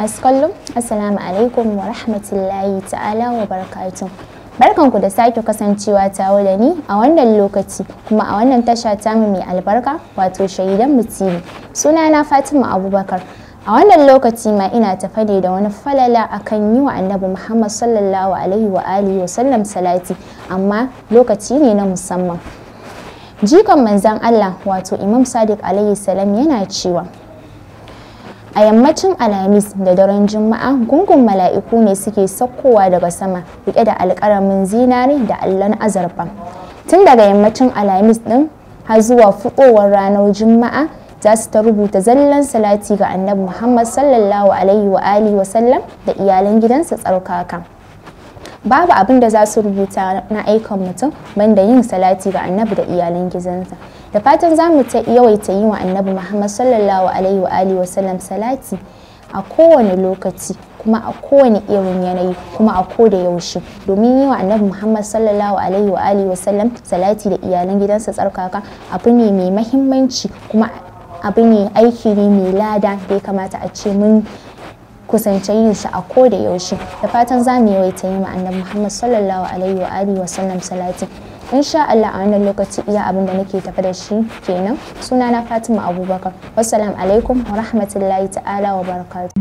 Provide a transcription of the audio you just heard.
masu kallo assalamu alaikum wa rahmatullahi ta'ala wa barakatu barkanku da sake kasancewa ta da ni a wannan lokaci kuma a wannan tasha ta mai albarka wato shaidan mutum suna na fatima abubakar a wannan lokaci ma ina tafa ne da wani falala akan yi wa annabi muhammad sallallahu alaihi wa alihi wa sallam salati amma lokaci ne na musamman jikon manzan allah wato imam sadiq alaihi salam yana cewa a yammacin alhamis da daren juma'a gungun mala'iku ne suke saukowa daga sama rike da alkaramin zinari da allon azurfa tun daga yammacin alhamis ɗin har zuwa fudowar ranar juma'a za su ta rubuta zallan salati ga annabi muhammad sallallahu alaihi wa alihi wa sallam da iyalan gidansa tsarkaka babu abin da za su rubuta na aikan mutum banda yin salati ga annabi da iyalan gidansa da fatan za mu yawaita yi wa annabi muhammad sallallahu alaihi wa alihi sallam salati a kowane lokaci kuma a kowane irin yanayi kuma a ko da yaushe domin yi wa annabi muhammad sallallahu alaihi wa alihi sallam salati da iyalan gidansa tsarkaka abu ne mai mahimmanci kuma abu ne aiki ne mai lada da ya kamata a ce mun kusance yin shi a ko da yaushe da fatan za mu yawaita yi wa annabi muhammad sallallahu alaihi wa alihi sallam salati insha Allah a wannan lokaci iya abin da nake tafi da shi kenan sunana Fatima Abubakar wassalamu alaikum wa rahmatullahi ta'ala wa barakatuh